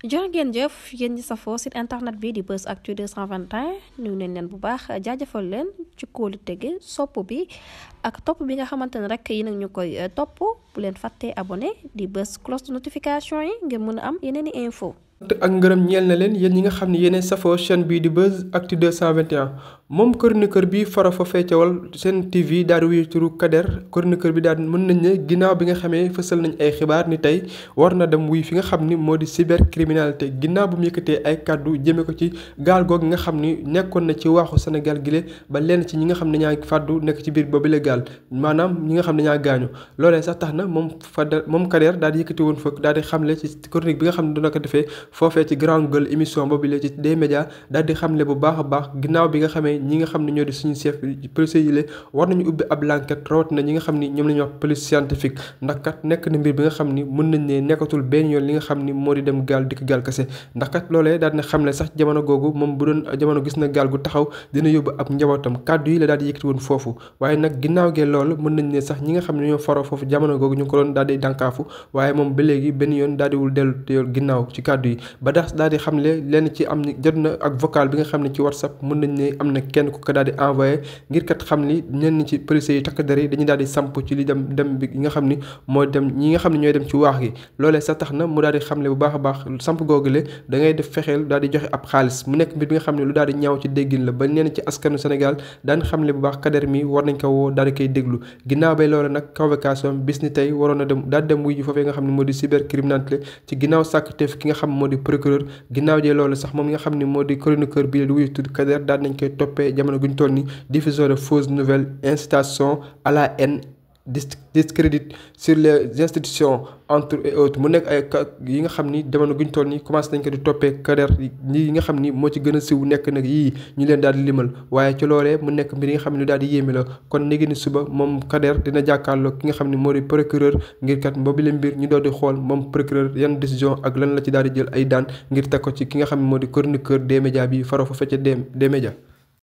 jërë ngeen jëf yéen ñi safoo site internet bi di bës Actu de 221 nuyu nañ neen bu baax jaajëfal leen ci kóolu tege sopp bi ak topp bi nga xamante ne rek yi nag ñu koy euh, topp bu leen fàttee abone di bës cloche de notification yi ngir mën a am yeneen i info. ak ngërëm ñeel na leen yéen ñi nga xam ne yéenay safoo chaîne bii di Buzz Actu 221. moom chroniqueur bi fara fa feccewal seen TV daal di wuyu turu Kader chroniqueur bi daal mën nañ ne ginnaaw xamee fësal nañ ay xibaar ni tey war na dem wuy fi nga xam ni moo di cybercriminalité ginnaaw bu mu ay kàddu jëmee ko ci gaal googu nga xam ni nekkoon na ci waaxu Sénégal gile ba lenn ci ñi nga xam ne ñaa fàddu nekk ci biir boobu la gaal maanaam ñi nga xam ne ñaa gaañu loolee sax tax na moom Fadel moom Kader daal di woon fa daal di xamle ci chronique bi nga xam ne dana ko defee foofee ci Grand Gueule émission boobu la ci des médias daal di xamle bu baax a baax ginnaaw bi nga xamee ñi nga xam ne ñoo di suñu chef policiers yi la war nañu ubbi ab l'enquête rawat na ñi nga xam ni ñoom la ñuy wax police scientifique ndax kat nekk na mbir bi nga xam ni mën nañ nee nekkatul benn yoon li nga xam ni moo di dem gaal dikk gaal kese ndax kat loolee daal dina xam ne sax jamono googu moom bu doon jamono gis na gaal gu taxaw dina yóbbu ab njabootam kàddu yi la daal di yëkkati woon foofu waaye nag ginnaaw gee lool mën nañ ne sax ñi nga xam ne ñoo faroo foofu jamono googu ñu ko doon daal di dànkaafu moom ba léegi yoon daal diwul dellu yoon ginnaaw ci kàddu yi ba daal di xam ne lenn ci am jot na ak vocal bi nga xam ne ci whatsapp mën nañ ne am na kenn ku ko daal di envoyé ngir kat xam ni ñenn ci policiers yi takk der yi dañuy daal di samp ci li dem dem bi nga xam ni mooy dem ñi nga xam ne ñooy dem ci waax gi loolee sax tax na mu daal di xamle bu baax a baax samp googule da ngay def fexeel daal di joxe ab xaalis mu nekk mbir bi nga xam ne lu daal di ñaaw ci déggin la ba ñenn ci askanu Sénégal daan xamle bu baax kader mi war nañ ko woo daal di koy déglu ginnaaw bay loola nag convocation bis ni tey waroon na dem daal dem wuy ji foofee nga xam nga xam moo moo di chroniqueur bi la di wuyu tudd jàppee jamono gu ñu toll ni diffusion de fausses nouvelles incitation à la haine discrédit sur les institutions entre et autres mu nekk ay yi nga xam ni jamono guñ toll nii commencé nañ ko di toppee kader yi nga xam ni moo ci gën a siw nekk nag yii ñu leen daal di limal waaye ci loolee mu nekk mbir yi nga xam ne lu daal di yéeme la kon léegi ni suba moom kader dina jàkkaarloo ki nga xam ne moo di procureur ngir kat boobu la mbir ñu doon di xool moom procureur yan décision ak lan la ci daal di jël ay daan ngir ko ci ki nga xam ne moo di chroniqueur des médias bi faroo fa fecce des